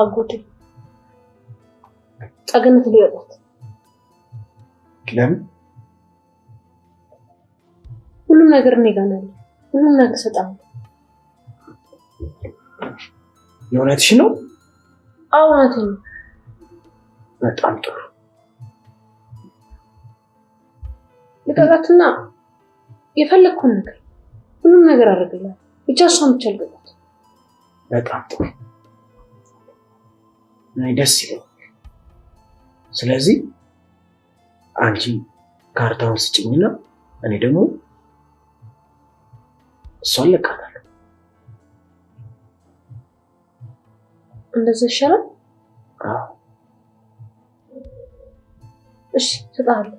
አጎቴ ጠግነት ሊወጣት ለምን? ሁሉም ነገር እኔ ጋር ነው ሁሉም ነገር እሰጥሀለሁ። የእውነትሽ ነው? አዎ ነው። በጣም ጥሩ ልቀቃትና የፈለግኩን ነገር ሁሉም ነገር አደርግልሀለሁ። ብቻ እሷን ብቻ ልቀቃት። በጣም ጥሩ ደስ ይለው። ስለዚህ አንቺ ካርታውን ስጭኝና እኔ ደግሞ እሷን ለቃታለሁ። እንደዛ ይሻላል። እሺ፣ እሰጥሃለሁ።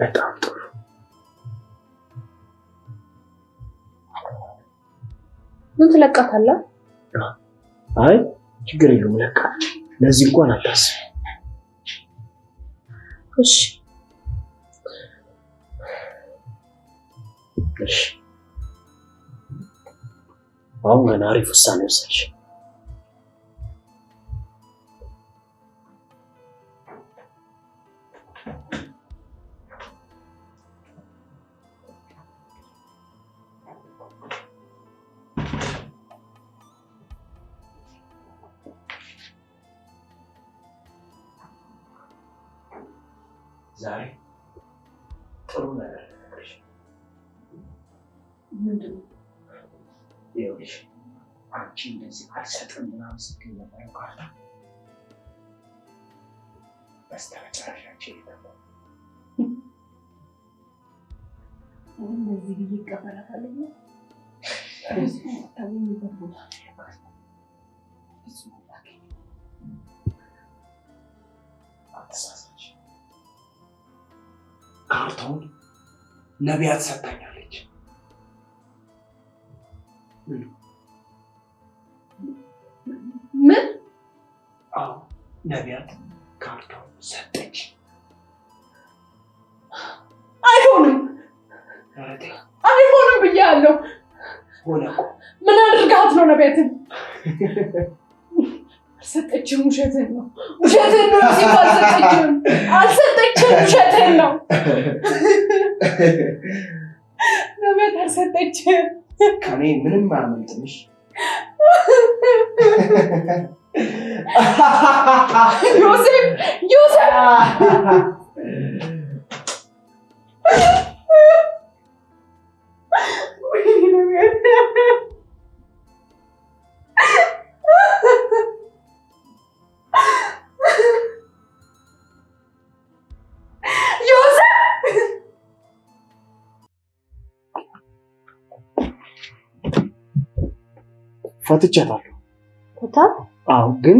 በጣም ጥሩ። ምን ትለቃታለህ? አይ ችግር የለውም ለቃት na zilikuwa na pesa. Waunga naarifu sana Yusashi. ዛሬ ጥሩ ነገር ነገርሽ። ምንድን ነው ይኸውልሽ፣ አንቺ እንደዚህ አልሰጥም ምናምን ስትይ ነበር ካርታ በስተመጨረሻችን ይገባል። እንደዚህ ብዬ ይቀበላታል። አትሳሳች ካርታውን ነቢያት ሰታኛለች። ምን? አዎ ነቢያት ካርታውን ሰጠች። አይሆንም፣ አይሆንም አይሆንም ሆነ ምን አድርጋት ነው ነቢያትን አልሰጠችም። ውሸትን ነው ውሸትን ነው ሲባል አልሰጠችም፣ ውሸትን ነው ለቤት አልሰጠችም። ከኔ ምንም አያመልጥሽ። ዮሴፍ ዮሴፍ ፈትቻታለሁ። ፈታ? አዎ፣ ግን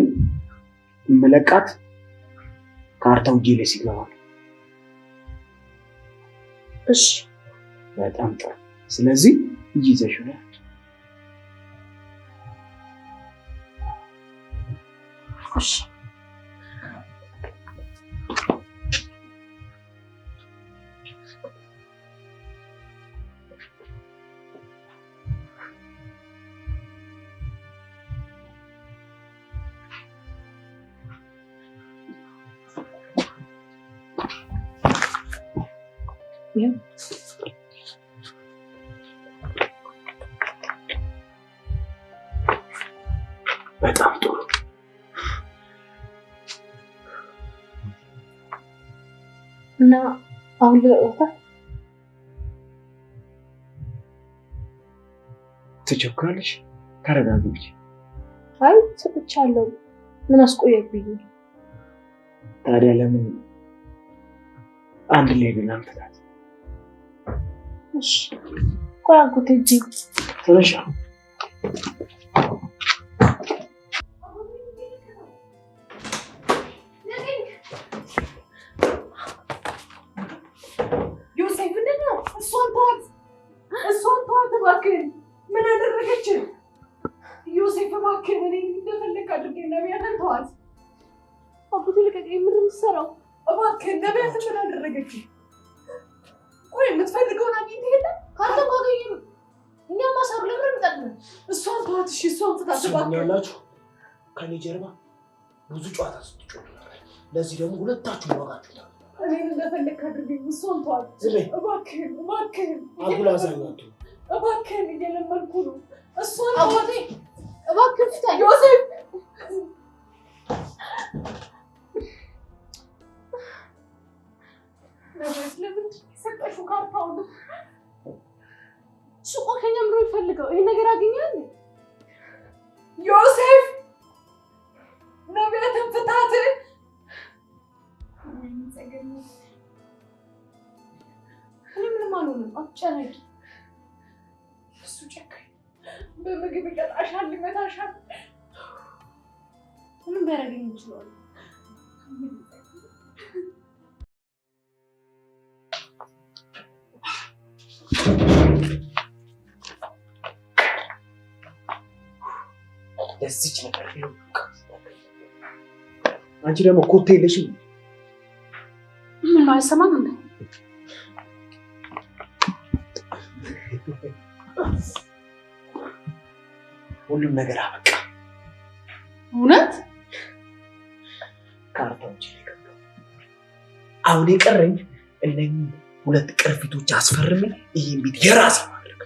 መለቃት ካርታው እጄ ላይ እሺ፣ በጣም ጥሩ። ስለዚህ ነው እሺ በጣም ጥሩ። እና አሁን ልቀቅታ ትቸኩራለሽ። ተረጋግጭ። አይ ሰጥቻለሁ። ምን አስቆየብኝ? ታዲያ ለምን አንድ ላይ ብላም ትላት? እሺ ቆይ አጎቴ እጅ ትንሽ ያደረገች ዮሴፍ እባክህ እኔ እንደፈለግ አድርገኝ ነቢያትን ተዋት አቡቴ ልቀቀኝ የምር የምትሰራው እባክህ ነቢያትን ምን አደረገች ቆይ የምትፈልገውን አግኝት የለ አንተ እኮ አገኝም እኛም ማሰሩ ለምን ምጠቅነ እሷን ተዋት እሺ እሷን ፍታት እባክህ ከኔ ጀርባ ብዙ ጨዋታ ስትጮህ ለዚህ ደግሞ ሁለታችሁ ዋጋችሁ እኔን እንደፈለግ አድርገኝ እሷን ተዋት እባክህ እባክህ አጉል እባክህን እየለመንኩ ነው። እሷን አወጤ እባክህን ፍታ ዮሴፍ። ሱቆ ከኛ ምሮ ይፈልገው ይሄን ነገር አገኛል። ዮሴፍ ነቢያትን ፍታት። ምንም አልሆንም፣ አትጨነቂ በምግብ ይቀጣሻል፣ ይመታሻል። ምን ቢያደርገኝ ይችላል? ለዚች ነገር አንቺ ደግሞ ኮቴ የለሽም። ምን አይሰማም እንዴ? ሁሉም ነገር አበቃ። እውነት ካርታዎች አሁን የቀረኝ እነኚህ ሁለት ቅርፊቶች አስፈርም፣ ይህን ቤት የራስ ማድረግ።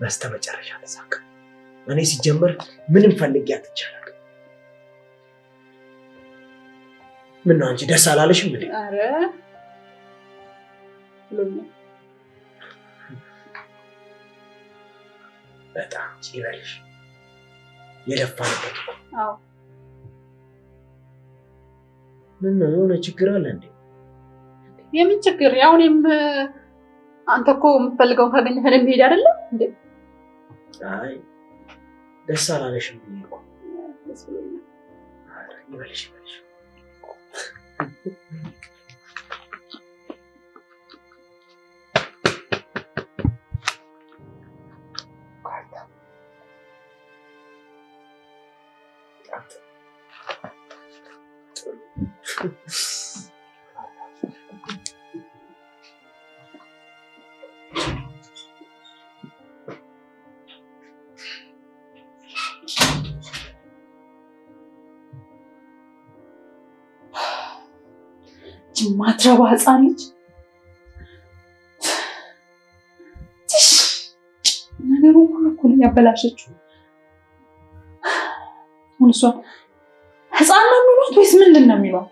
በስተመጨረሻ ተሳካ። እኔ ሲጀመር ምንም ፈልጊያት ይቻላል። ምነው አንቺ ደስ አላለሽም? ምን በጣም ይበልሽ የለፋንበት። ምን ነው የሆነ ችግር አለ እንዴ? የምን ችግር? ያው እኔም አንተ እኮ የምትፈልገውን ካገኘህ እኔም ሄድ አይደለም እንዴ? አይ ደስ አላለሽ ይበልሽ ይበልሽ ማትረባ ህፃን ልጅ ነገሩ ሁሉ እኮ ያበላሸችው። አሁን እሷን ህፃን ነው የሚሏት ወይስ ምንድን ነው የሚሏት?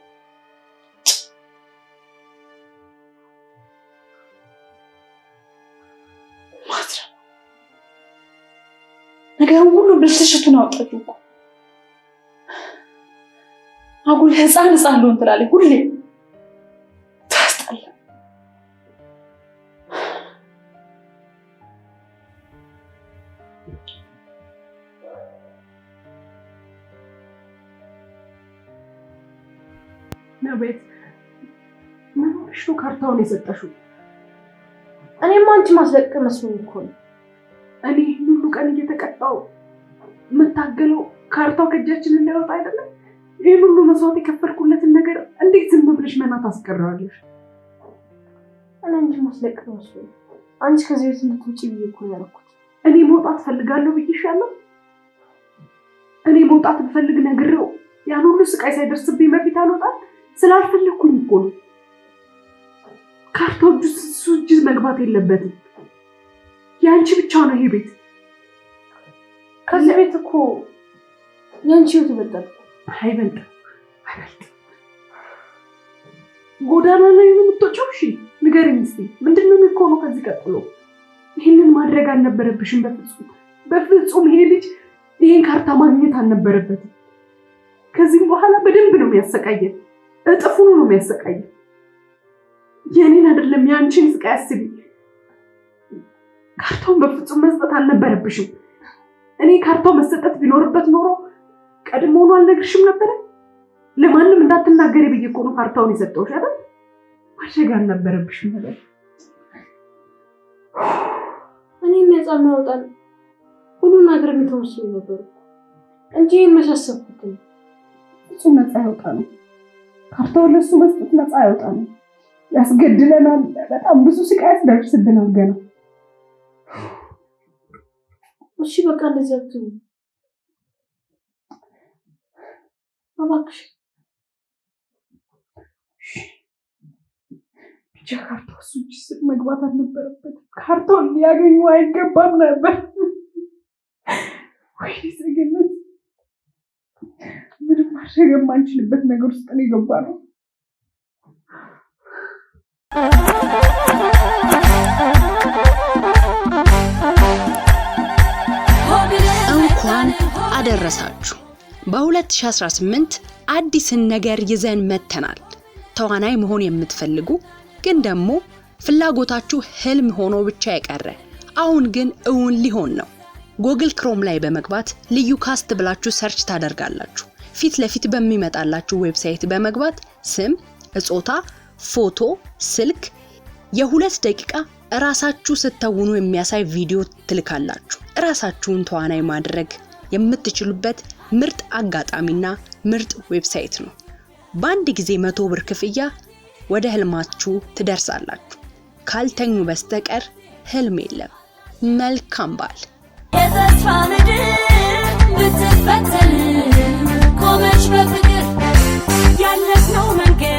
ነገሩ ሁሉ ብልሽቱን አወጣችሁ እኮ። አጉል ህፃን ህፃን ልሆን ትላለች ሁሌ ስጦታው ነው የሰጠሽው። እኔማ አንቺ ማስለቀቅ መስሎኝ እኮ ነው። እኔ ይህን ሁሉ ቀን እየተቀጣው የምታገለው ካርታው ከእጃችን እንዳይወጣ አይደለም። ይህን ሁሉ መስዋዕት የከፈልኩለትን ነገር እንዴት ዝም ብለሽ መና ታስቀራለሽ? እኔ እንጂ ማስለቀቅ መስሎኝ አንቺ ከዚህ ቤት እንድትውጪ ብዬ እኮ ነው ያደረኩት። እኔ መውጣት ፈልጋለሁ ብዬሻለሁ። እኔ መውጣት ብፈልግ ነግሬው ያን ሁሉ ስቃይ ሳይደርስብኝ በፊት አልወጣም ስላልፈለግኩኝ እኮ ነው። ከብቶቹ እሱ እጅ መግባት የለበትም። የአንቺ ብቻ ነው ይሄ ቤት። ከዚህ ቤት እኮ የአንቺ ህይወት ይበልጣል። አይበልጥም፣ አይበልጥም። ጎዳና ላይ ነው የምትወጪው? እሺ ንገሪኝ እስኪ ምንድን ነው የሚሆነው ከዚህ ቀጥሎ? ይህንን ማድረግ አልነበረብሽም በፍጹም በፍጹም። ይሄ ልጅ ይሄን ካርታ ማግኘት አልነበረበትም። ከዚህም በኋላ በደንብ ነው የሚያሰቃየን፣ እጥፉኑ ነው የሚያሰቃየን። የኔን አይደለም የአንቺን ስቃይ አስቢ። ካርታውን በፍጹም መስጠት አልነበረብሽም። እኔ ካርታው መሰጠት ቢኖርበት ኖሮ ቀድሞ ሆኖ አልነግርሽም ነበረ። ለማንም እንዳትናገር ብዬ እኮ ነው ካርታውን የሰጠሁሽ አይደል? ማሸግ አልነበረብሽም ነበር። እኔ ነፃ የሚያወጣል ሁሉ ነገር የሚተወስ ነበሩ እንጂ የመሳሰብኩት ፍጹም ነፃ ያወጣ ነው። ካርታውን ለሱ መስጠት ነፃ ያወጣ ነው። ያስገድለናል። በጣም ብዙ ስቃይ ያስደርስብናል። ገና እሺ፣ በቃ እንደዚህ አትሁን እባክሽ። ብቻ ካርታው እሱ እጅ ስር መግባት አልነበረበትም። ካርታውን ሊያገኙ አይገባም ነበር። ወይ ሰገነት ምንም ማድረግ የማንችልበት ነገር ውስጥ ነው የገባ ነው። እንኳን አደረሳችሁ። በ2018 አዲስን ነገር ይዘን መጥተናል። ተዋናይ መሆን የምትፈልጉ ግን ደግሞ ፍላጎታችሁ ህልም ሆኖ ብቻ የቀረ አሁን ግን እውን ሊሆን ነው። ጎግል ክሮም ላይ በመግባት ልዩ ካስት ብላችሁ ሰርች ታደርጋላችሁ። ፊት ለፊት በሚመጣላችሁ ዌብሳይት በመግባት ስም፣ እጾታ፣ ፎቶ፣ ስልክ የሁለት ደቂቃ እራሳችሁ ስተውኑ የሚያሳይ ቪዲዮ ትልካላችሁ። እራሳችሁን ተዋናይ ማድረግ የምትችሉበት ምርጥ አጋጣሚና ምርጥ ዌብሳይት ነው። በአንድ ጊዜ መቶ ብር ክፍያ ወደ ህልማችሁ ትደርሳላችሁ። ካልተኙ በስተቀር ህልም የለም። መልካም በዓል። የተስፋ ምድር ብትፈተን ቆመች በፍቅር ያለፍነው መንገድ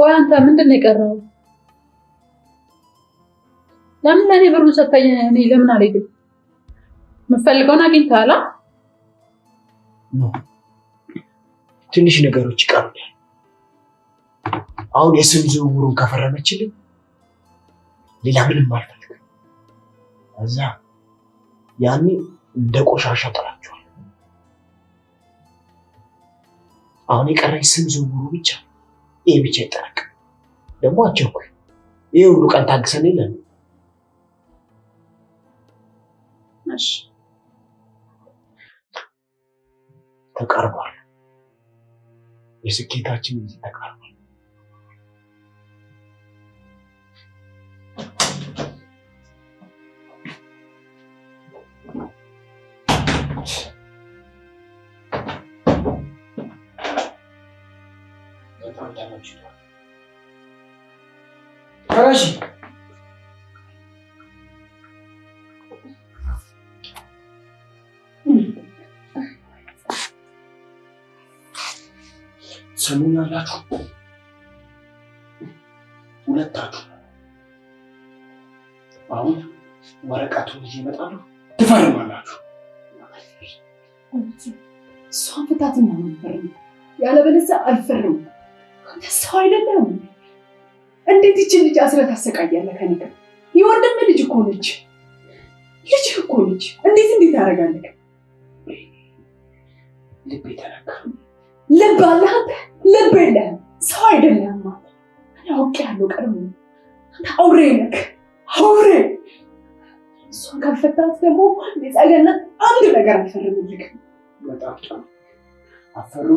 ቆይ አንተ ምንድን ነው የቀረው? ለምን ለእኔ ብሩን ሰጠኝ? እኔ ለምን አልሄድም? የምፈልገውን አግኝተሃል? ትንሽ ነገሮች ይቀሩኛል። አሁን የስም ዝውውሩን ከፈረመችልኝ ሌላ ምንም አልፈልግም። እዛ ያኔ እንደ ቆሻሻ ጥላችኋል። አሁን የቀረኝ ስም ዝውውሩ ብቻ፣ ይህ ብቻ ይጠረቅ። ደግሞ አቸኩ ይህ ሁሉ ቀን ታግሰን የለን ተቀርቧል። የስኬታችን ጊዜ ሰሙን ያላችሁ ሁለታችሁ አሁን ወረቀቱን ይዤ እመጣለሁ፣ ትፈርማላችሁ። እሷን ፍታት እና አልፈርም፣ ያለበለዚያ አልፈርም። ሰው አይደለም። እንዴት ይችን ልጅ አስረት ታሰቃያለህ? ከኔ ጋር የወንድም ልጅ እኮ ነች፣ ልጅ እኮ ነች። እንዴት እንዴት ያደርጋለህ? ልቤ ተነካ። ልብ አለህ አንተ ልብ የለህም። ሰው አይደለህም አንተ። እኔ አውቄያለሁ ቀድሞ። አውሬ ነህ አውሬ። እሷን ካልፈታት ደግሞ ገነት አንድ ነገር አልፈርምልህም። በጣም ጥሩ አፈሩ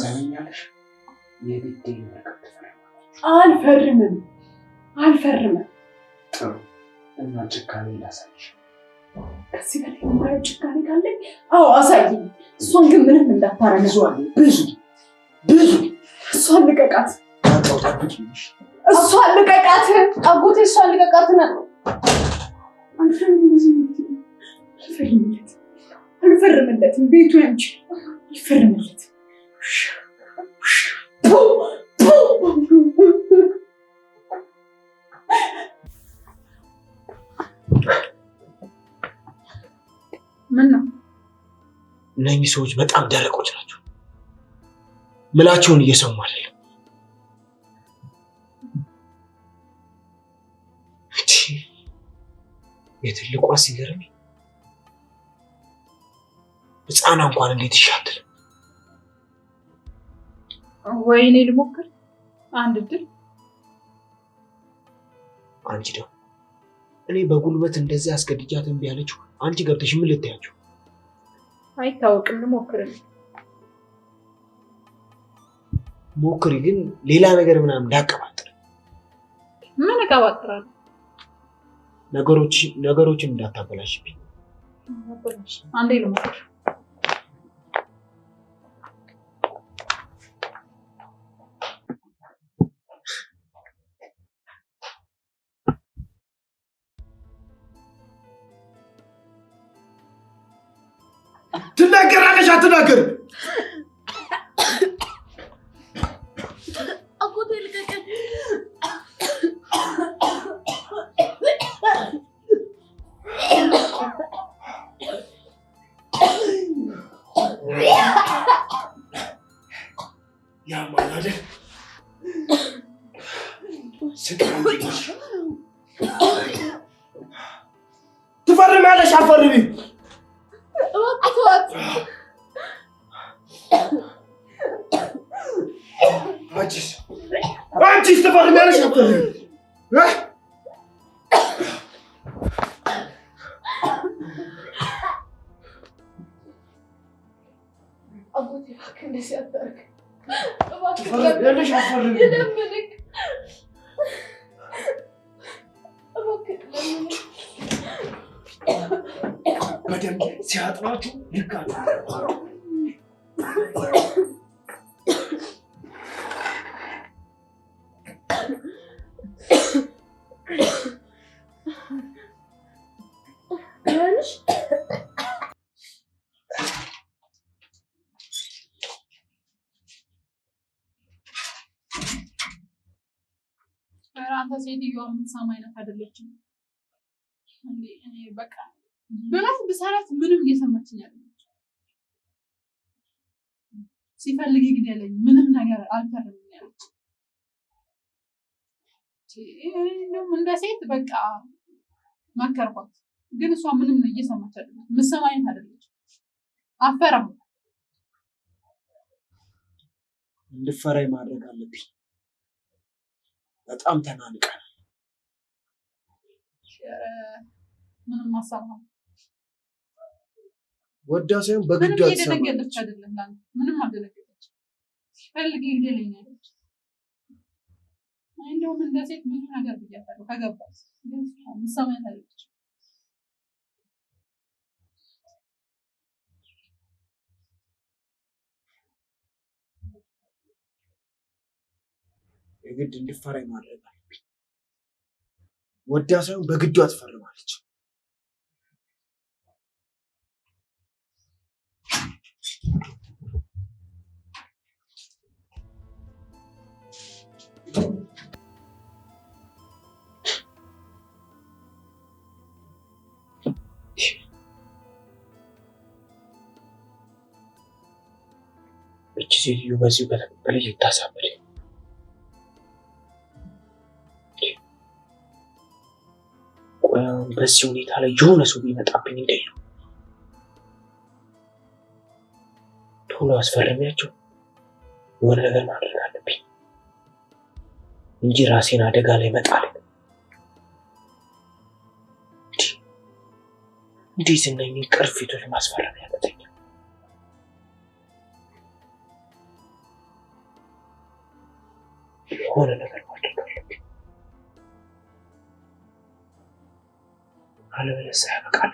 ሰኛለሽ። የግድ ነገር አልፈርምም አልፈርምም። ጥሩ እና ጭካኔ ላሳይሽ ከዚህ በላይ የማየው ጭካኔ ካለኝ አዎ አሳይ። እሷን ግን ምንም እንዳታረግዙ ብዙ ብዙ እሷን ልቀቃት፣ እሷን ልቀቃት፣ አጎቴ እሷን ልቀቃት ነው። አልፈርምለት፣ አልፈርምለትም። ቤቱ ያንቺ አልፈርምለት ምን ነው? እነኚህ ሰዎች በጣም ደረቆች ናቸው። ምላቸውን እየሰሙ አይደለም። የትልቋ ሲገርም ህፃና እንኳን እንዴት ይሻትል። ወይኔ ልሞክር አንድ ድል አንቺ ደግሞ እኔ በጉልበት እንደዚህ አስገድጃት እምቢ አለችው። አንቺ ገብተሽ ምን ልታያቸው አይታወቅም። ሞክር ሞክሪ፣ ግን ሌላ ነገር ምናምን እንዳቀባጥር። ምን እቀባጥራለሁ? ነገሮች ነገሮችን እንዳታበላሽብኝ። አንዴ ልሞክር በደንብ ሲያጥባችሁ ልካችሁ ከሴትዮዋ የምትሰማ አይነት አይደለችም። በቃ ብላት ብሰራት ምንም እየሰማችኝ ያለ ሲፈልግ ያለኝ ምንም ነገር አልፈርም ያለች እንደ ሴት በቃ መከርኳት። ግን እሷ ምንም እየሰማች አይደለች፣ ምሰማ አይነት አደለች። አፈራሁ እንድፈራይ ማድረግ አለብኝ። በጣም ተናንቀናል። ምንም ማሳማ ወዳ ሳይሆን በግድ አትሰማለች። ምንም አደነገጠች ፈልግ ይደለኛለች። እንደውም እንደሴት ብዙ ነገር ብያታለሁ። ከገባት ምሳማያት የግድ እንድፈራኝ ማድረግ አለብኝ። ወዳ ሳይሆን በግዷ ትፈርማለች። እቺ ሴትዮ በዚሁ በተቀበለ ልታሳብደኝ በዚህ ሁኔታ ላይ የሆነ ሰው ቢመጣብኝ እንዴት ነው? ቶሎ አስፈርሚያቸው የሆነ ነገር ማድረግ አለብኝ እንጂ ራሴን አደጋ ላይ መጣል እንዴት እነኝን ቅርፊቶች ማስፈረም ያለተኛ የሆነ ነገር ባለበለዚያ ያበቃል።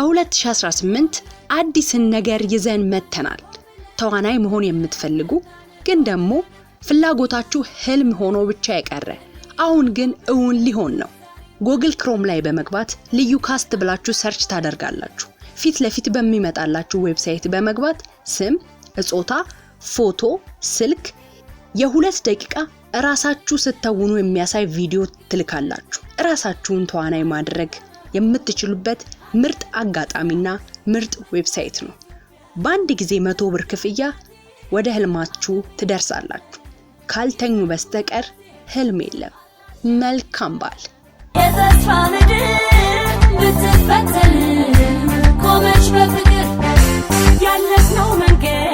በ2018 አዲስን ነገር ይዘን መጥተናል። ተዋናይ መሆን የምትፈልጉ ግን ደግሞ ፍላጎታችሁ ህልም ሆኖ ብቻ የቀረ አሁን ግን እውን ሊሆን ነው። ጎግል ክሮም ላይ በመግባት ልዩ ካስት ብላችሁ ሰርች ታደርጋላችሁ። ፊት ለፊት በሚመጣላችሁ ዌብሳይት በመግባት ስም፣ እጾታ፣ ፎቶ፣ ስልክ የሁለት ደቂቃ እራሳችሁ ስተውኑ የሚያሳይ ቪዲዮ ትልካላችሁ። እራሳችሁን ተዋናይ ማድረግ የምትችሉበት ምርጥ አጋጣሚና ምርጥ ዌብሳይት ነው። በአንድ ጊዜ መቶ ብር ክፍያ ወደ ህልማችሁ ትደርሳላችሁ። ካልተኙ በስተቀር ህልም የለም። መልካም በዓል። የተስፋ ምድር ብትፈተን ቆመች በፍቅር ያለፍነው መንገድ